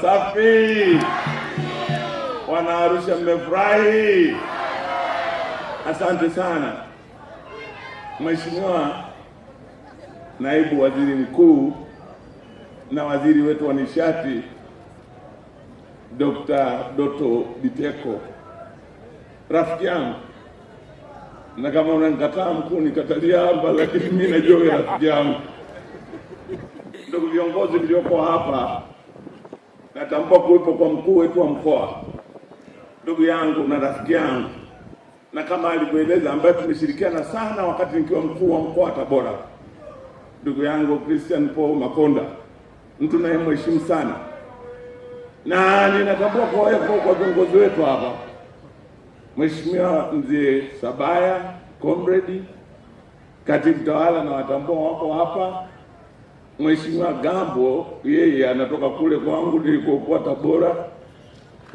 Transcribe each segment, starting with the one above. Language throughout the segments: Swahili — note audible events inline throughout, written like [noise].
safi. Arusha mmefurahi? Asante sana Mheshimiwa Naibu Waziri Mkuu na waziri wetu wa nishati Dr. Doto Biteko, rafiki yangu, na kama unanikataa mkuu, nikatalia hapa, lakini mimi najua rafiki yangu. Ndugu viongozi mlioko hapa Natambua kuwepo kwa mkuu wetu wa mkoa, ndugu yangu na rafiki yangu, na kama alivyoeleza, ambaye tumeshirikiana sana wakati nikiwa mkuu wa mkoa Tabora, ndugu yangu Christian Paul Makonda, mtu naye mheshimu sana, na ninatambua kuwepo kwa viongozi wetu hapa, Mheshimiwa Mzee Sabaya, Comrade, katibu tawala, na watambua wako hapa Mheshimiwa Gambo yeye anatoka kule kwangu nilikokuwa Tabora,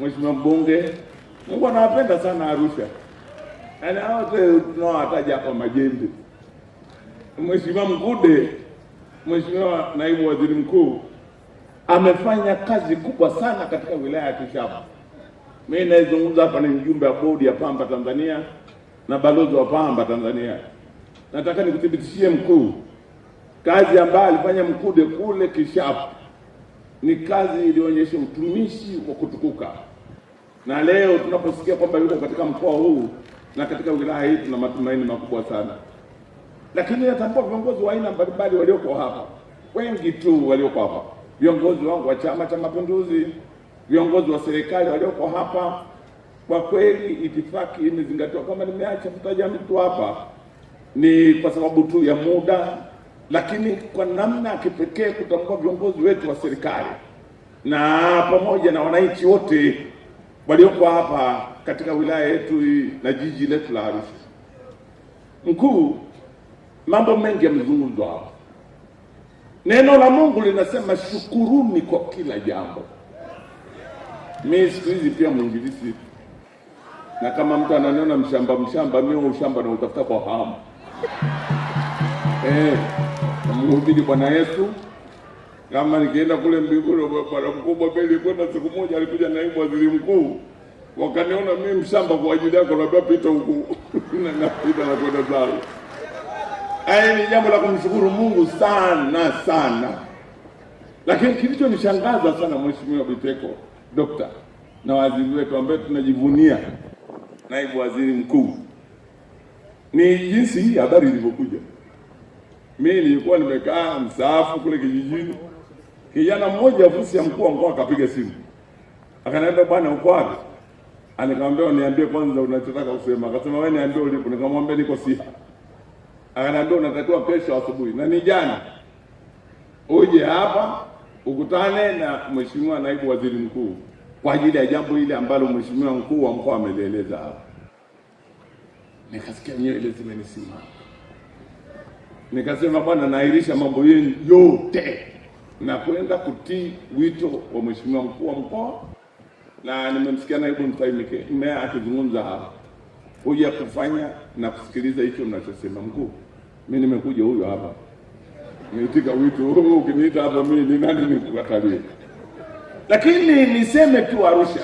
mheshimiwa mbunge. Mungu anawapenda sana Arusha, yaani wote tunaowataja hapa majembe. Mheshimiwa Mkude, mheshimiwa naibu waziri mkuu, amefanya kazi kubwa sana katika wilaya ya Kishapu. Mimi naizungumza hapa, ni mjumbe wa bodi ya Pamba Tanzania na balozi wa Pamba Tanzania. Nataka nikuthibitishie mkuu Kazi ambayo alifanya Mkude kule Kishapu ni kazi iliyoonyesha utumishi wa kutukuka, na leo tunaposikia kwamba yuko katika mkoa huu na katika wilaya hii tuna matumaini makubwa sana, lakini natambua viongozi wa aina mbalimbali walioko hapa, wengi tu walioko hapa, viongozi wangu wa Chama cha Mapinduzi, viongozi wa serikali walioko hapa. Kwa kweli itifaki imezingatiwa. Kama nimeacha kutaja mtu hapa, ni kwa sababu tu ya muda lakini kwa namna ya kipekee kutambua viongozi wetu wa serikali na pamoja na wananchi wote walioko hapa katika wilaya yetu na jiji letu la Arusha. Mkuu, mambo mengi yamezungumzwa hapa. Neno la Mungu linasema shukuruni kwa kila jambo. Mi siku hizi pia mwingilisi na kama mtu ananiona mshamba mshamba, mi ushamba na utafuta kwa hamu eh kumhubiri Bwana Yesu. Kama nikienda kule mbinguni, bwana mkubwa Beli, kuna siku moja alikuja naibu waziri mkuu, wakaniona mimi mshamba kwa ajili yako, naambia pita huku [laughs] napita na kwenda zao. Haya yaani ni jambo la kumshukuru Mungu sana sana, lakini kilichonishangaza sana, Mheshimiwa Biteko Dokta na waziri wetu ambaye tunajivunia naibu waziri mkuu, ni jinsi hii habari ilivyokuja mimi nilikuwa nimekaa msaafu kule kijijini, kijana mmoja ofisi ya mkuu wa mkoa akapiga simu akaniambia, bwana uko wapi? Nikamwambia niambie kwanza unachotaka kusema. Akasema wewe niambie ulipo. Nikamwambia niko Siha. Akaniambia unatakiwa kesho asubuhi na ni jana uje hapa ukutane na mheshimiwa naibu waziri mkuu kwa ajili ya jambo ile ambalo mheshimiwa mkuu wa mkoa amelieleza hapa. Nikasikia ile zimenisimama nikasema bwana, naahirisha mambo yenu yote na kwenda kutii wito wa mheshimiwa mkuu wa mkoa, na nimemsikia naibu mtaimike meya akizungumza hapa, kuja kufanya na kusikiliza hicho mnachosema. Mkuu, mi nimekuja, huyo hapa nitika wito. Ukiniita hapa mi ni nani nikukatalie? Lakini niseme tu Arusha,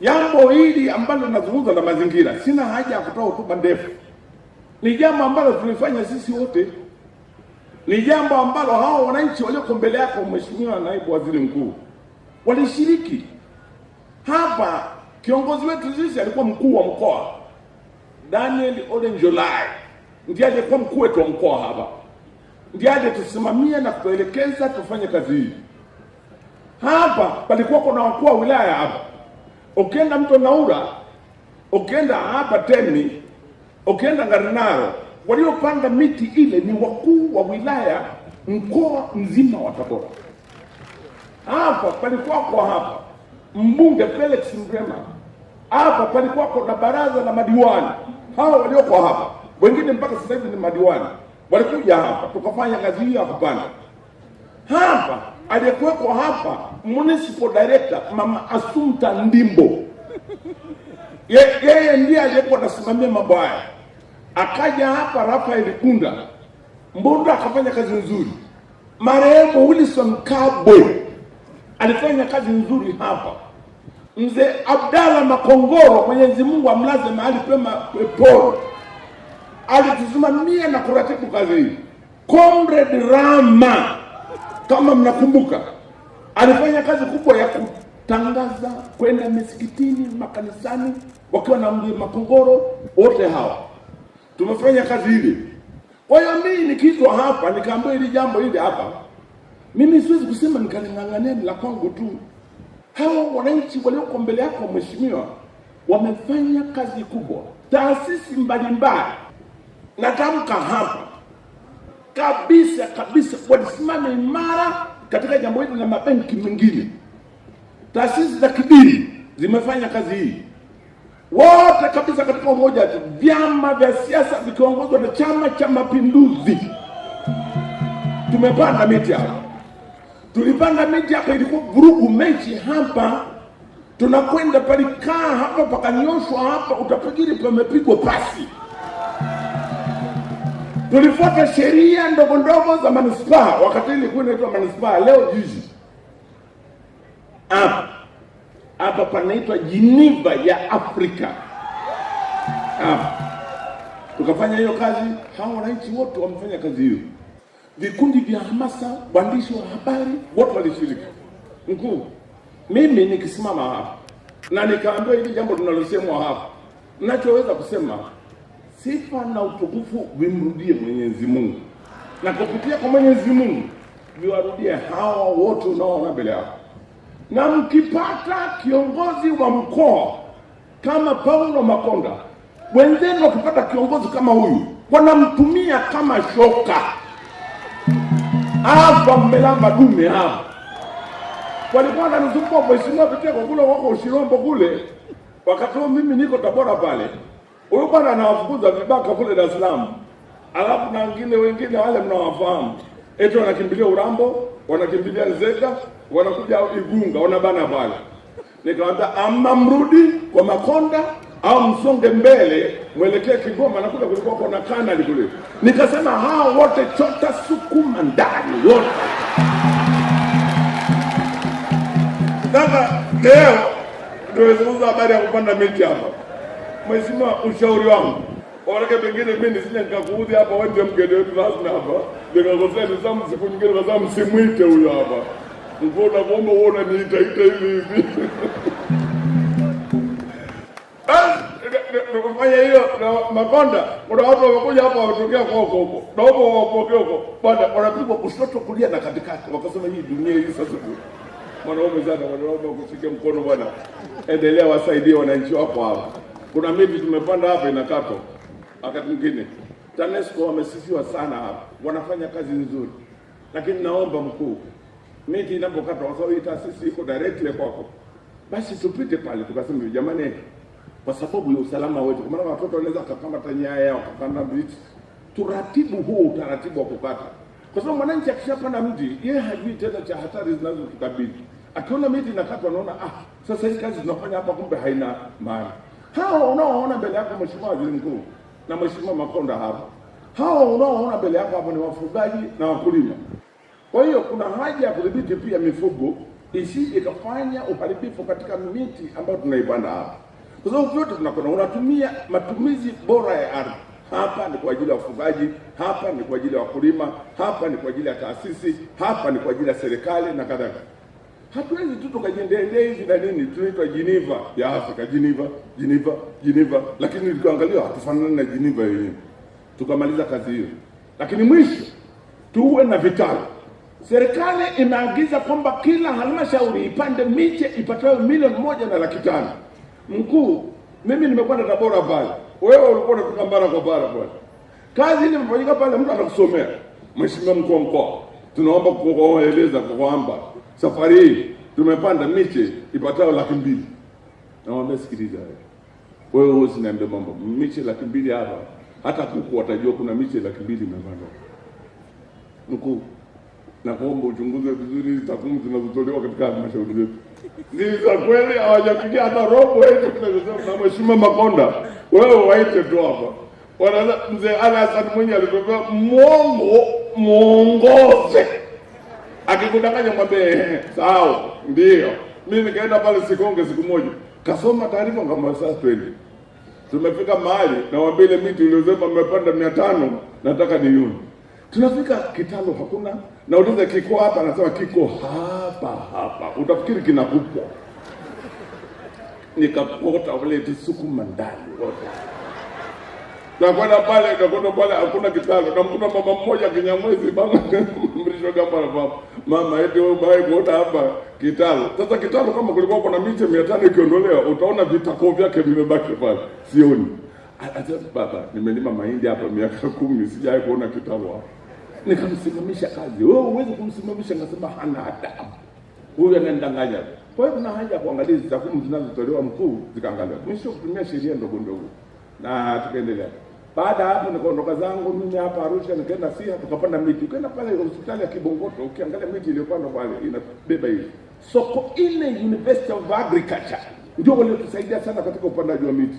jambo hili ambalo nazungumza la mazingira, sina haja ya kutoa hotuba ndefu ni jambo ambalo tulifanya sisi wote, ni jambo ambalo hao wananchi walioko mbele yako, Mheshimiwa Naibu Waziri Mkuu, walishiriki hapa. Kiongozi wetu sisi alikuwa mkuu wa mkoa Daniel Olenjolai, ndiye aliyekuwa mkuu wetu wa mkoa hapa, ndiye aliyetusimamia na kutuelekeza tufanye kazi hii. Hapa palikuwa kuna wakuu wa wilaya hapa, ukienda Mto Naura, ukienda hapa Temi Ukienda Ngarenaro, waliopanda miti ile ni wakuu wa wilaya mkoa mzima wa Tabora. Hapa palikuwa kwa hapa mbunge Felix Mrema, hapa palikuwa na baraza la madiwani. Hawa waliokuwa hapa wengine mpaka sasa hivi ni madiwani, walikuja hapa tukafanya kazi hiyo ya kupanda hapa. Aliyekuwekwa hapa municipal director mama Asumta Ndimbo, yeye ndiye aliyekuwa anasimamia mambo haya. Akaja hapa Rafael Kunda Mbunda akafanya kazi nzuri. Marehemu Wilson Kabwe alifanya kazi nzuri hapa. Mzee Abdalla Makongoro, Mwenyezi Mungu amlaze mahali pema peponi, alitusimamia na kuratibu kazi hii. Comrade Rama, kama mnakumbuka, alifanya kazi kubwa ya kutangaza kwenda misikitini, makanisani, wakiwa na Mzee Makongoro wote hawa tumefanya kazi ile. Kwa hiyo mimi nikiitwa hapa nikaambia hili jambo hili hapa, mimi siwezi kusema nikaling'ang'ania la kwangu tu. Hawa wananchi walioko mbele yako mheshimiwa, wamefanya kazi kubwa, taasisi mbalimbali. Natamka hapa kabisa kabisa, walisimama imara katika jambo hili, na mabenki mengine, taasisi za kidini zimefanya kazi hii wote kabisa katika umoja vyama vya siasa vikiongozwa na Chama cha Mapinduzi. Tumepanda miti hapa, tulipanda miti hapa, ilikuwa vurugu mechi hapa, tunakwenda palikaa hapa pakanyoshwa hapa, utafikiri pamepigwa pasi. Tulifuata sheria ndogo ndogo za manispaa, wakati ilikuwa inaitwa manispaa, leo jiji ah hapa panaitwa jiniva ya Afrika hapa. Ah, tukafanya hiyo kazi, hawa wananchi wote wamefanya kazi hiyo, vikundi vya hamasa, waandishi wa habari wote walishiriki. Mkuu, mimi nikisimama hapa na nikaambiwa hili jambo linalosemwa hapa, ninachoweza kusema sifa na utukufu vimrudie Mwenyezi Mungu, na kupitia kwa Mwenyezi Mungu viwarudie hawa wote unaoona mbele yako na mkipata kiongozi wa mkoa kama Paulo Makonda, wenzenu wakipata kiongozi kama huyu wanamtumia kama shoka. Hapa mmelamba dume hapa, walikuwa wananisumbua mheshimiwa pitia kwa kule wako Ushirombo kule, wakati mimi niko Tabora pale, huyo bwana anawafukuza vibaka kule Dar es Salaam, alafu na wengine wengine wale mnawafahamu, eti wanakimbilia Urambo wanakimbilia Nzega, wanakuja Igunga, wanabana pale. Nikawaambia ama mrudi kwa Makonda au msonge mbele mwelekee Kigoma, nakuta kulikuwa kuna kanali kule. Nikasema hao wote chota, sukuma ndani wote. Sasa leo tumezungumza habari ya kupanda miti hapa. Mheshimiwa, ushauri wangu waanake, pengine mimi nisije nikakuudhi hapa, wewe ndio mgeni wetu rasmi hapa ndikakosati zamzikunjikira kazamu simwite huyo hapa mvona kuomba uona niitaita hivi hivi kufanya [laughs] eh, hiyo na Makonda. Kuna watu wamekuja hapa wametokea kwa huko huko, naomba wawapokee huko bwana, wanapigwa kushoto, kulia na katikati, wakasema hii dunia hii sasa. Mwanaume sana, wanaomba kushike mkono bwana, endelea, wasaidie wananchi wako hapa. Kuna miti tumepanda hapa inakatwa wakati mwingine TANESCO wamesifiwa sana hapa, wanafanya kazi nzuri, lakini naomba mkuu, miti inapokatwa, kwa sababu hii taasisi iko directly kwako, basi tupite pale tukasema, jamani, kwa sababu ya usalama wetu, kwa maana watoto wanaweza kukamata nyaya yao wakapanda miti, turatibu huu utaratibu wa kupata, kwa sababu mwananchi akishapanda mti, yeye hajui tena cha hatari zinazotukabili. Akiona miti inakatwa, anaona ah, sasa hii kazi tunafanya hapa kumbe haina maana. Hao unaoona mbele yako, Mheshimiwa Waziri Mkuu, na Mheshimiwa Makonda hapa. Hawa unaoona mbele yako hapo ni wafugaji na wakulima. Kwa hiyo kuna haja ya kudhibiti pia mifugo isi ikafanya uharibifu katika miti ambayo tunaipanda hapa, kwa sababu vyote tunakona. Unatumia matumizi bora ya ardhi hapa ni kwa ajili ya wafugaji, hapa ni kwa ajili ya wakulima, hapa ni kwa ajili ya taasisi, hapa ni kwa ajili ya serikali na kadhalika. Hatuwezi tu tukajiendeendea hizi na nini tunaitwa Geneva ya Afrika, Geneva, Geneva, Geneva, lakini tukaangalia hatufanani na Geneva yenyewe. Tukamaliza kazi hiyo, lakini mwisho tuwe na vitalu. Serikali imeagiza kwamba kila halmashauri ipande miche ipatayo milioni moja na laki tano. Mkuu, mimi nimepanda Tabora pale, wewe ulikuwa unatoka kwa bara bwana, kazi ile imefanyika pale, mtu atakusomea, mheshimiwa mkuu wa mkoa tunaomba kuwaeleza kwamba safari hii tumepanda miche ipatao laki mbili. Naomba wamesikiliza wewe, huwezi niambia mambo miche laki mbili hapa, hata kuku watajua kuna miche laki mbili imepandwa. Mkuu, nakuomba uchunguze vizuri hizi takwimu zinazotolewa katika halmashauri zetu ni za kweli, hawajapigia hata robo yetu tunachosema. Mheshimiwa Makonda, wewe waite tu hapa, wanaza mzee Ala hasani mwenye alivyopewa mwongo muongoze. Akikudanganya mwambie sawa, ndio. Mimi nikaenda pale Sikonge siku moja, kasoma taarifa kama saa twende, tumefika mahali na ile miti uliosema mmepanda mia tano nataka niuni. Tunafika kitalo hakuna, nauliza kiko hapa, anasema kiko hapa hapa, utafikiri kinakupwa nikakota vile tisukuma ndani wote Nakwenda pale, nakwenda pale, hakuna kitalo. Namkuta mama mmoja Kinyamwezi, mama [laughs] mlishoga gamba na mama, eti wewe baya kuona hapa kitalo. Sasa kitalo kama kulikuwa kuna miche 500 ikiondolewa, utaona vitako vyake vimebaki pale, sioni. Anasema baba, nimelima mahindi hapa miaka kumi, sijawahi kuona kitalo hapa. Nikamsimamisha kazi. Wewe huwezi kumsimamisha, nikasema hana adabu huyu, ananidanganya. Kwa hiyo kuna haja ya kuangalia hizi takwimu zinazotolewa mkuu, zikaangalia mwisho kutumia sheria ndogo ndogo na tukaendelea. Baada ya hapo nikaondoka zangu mimi hapa Arusha, nikaenda Siha, tukapanda miti. Ukienda pale hospitali ya Kibongoto, ukiangalia miti iliyopandwa pale inabeba hivi. Soko ile University of Agriculture ndio waliotusaidia sana katika upandaji wa miti,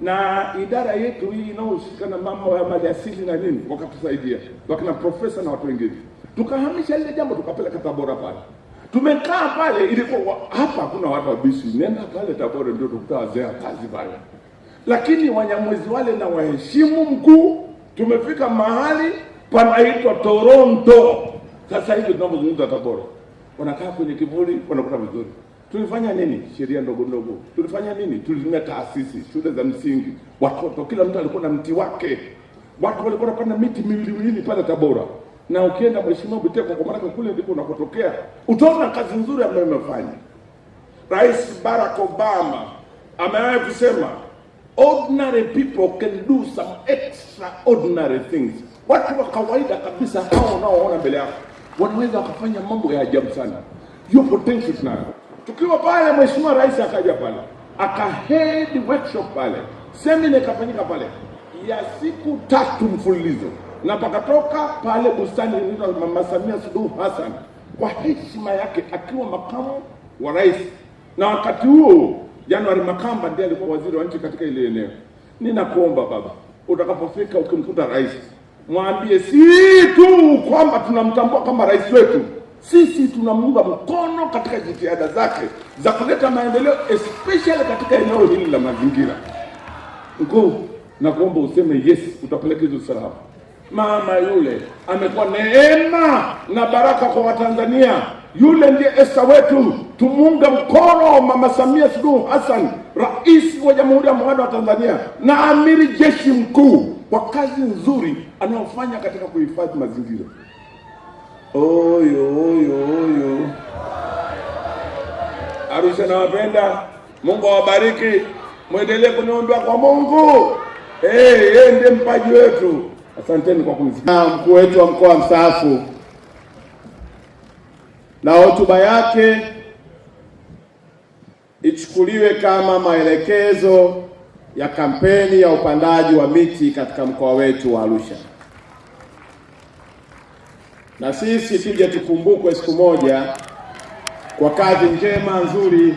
na idara yetu hii inayohusika na mambo ya maliasili na nini wakatusaidia, wakina profesa na watu wengine. Tukahamisha lile jambo tukapeleka Tabora pale tumekaa pale, ilikuwa hapa kuna watu wabisi, nenda pale Tabora ndio tukuta wazee kazi pale lakini Wanyamwezi wale na waheshimu mkuu. Tumefika mahali panaitwa Toronto sasa hivi tunapozungumza Tabora, wanakaa kwenye kivuli, wanakula vizuri. Tulifanya nini? Sheria ndogo ndogo. Tulifanya nini? Tulitumia taasisi, shule za msingi, watoto, kila mtu alikuwa na mti wake. Watu walikuwa wanapanda miti miwili miwili pale Tabora, na ukienda Mheshimiwa Biteko kwa Maraka kule ndipo unakotokea, utaona kazi nzuri ambayo imefanya Rais Barack Obama amewahi kusema ordinary people can do some extraordinary things. Watu wa kawaida kabisa hao unaoona mbele yako wanaweza wakafanya mambo ya ajabu sana. Hiyo potential tunayo. Tukiwa pale, mheshimiwa rais akaja pale akahead workshop pale, semina ikafanyika pale ya siku tatu mfululizo, na pakatoka pale bustani ya Mama Samia Suluhu Hassan kwa heshima yake akiwa makamu wa rais, na wakati huo januari Makamba ndiye alikuwa waziri wa nchi katika ile eneo. Ninakuomba baba, utakapofika ukimkuta rais, mwambie si tu kwamba tunamtambua kama rais wetu, sisi tunamuunga mkono katika jitihada zake za kuleta maendeleo especially katika eneo hili la mazingira. Mkuu, nakuomba useme yes, utapeleka hizo salamu. Mama yule amekuwa neema na baraka kwa Watanzania. Yule ndiye esa wetu, tumunga mkono Mama Samia Suluhu hasan rais wa Jamhuri ya Muungano wa Tanzania na amiri jeshi mkuu, kwa kazi nzuri anayofanya katika kuhifadhi mazingira. oyoyoyo Arusha nawapenda. Mungu awabariki, mwendelee kuniombea kwa Mungu. Yeye hey, ndiye mpaji wetu. Asanteni kwa kumsikia Mkuu wetu wa mkoa mstaafu na hotuba yake ichukuliwe kama maelekezo ya kampeni ya upandaji wa miti katika mkoa wetu wa Arusha. Na sisi tuje tukumbukwe siku moja kwa kazi njema nzuri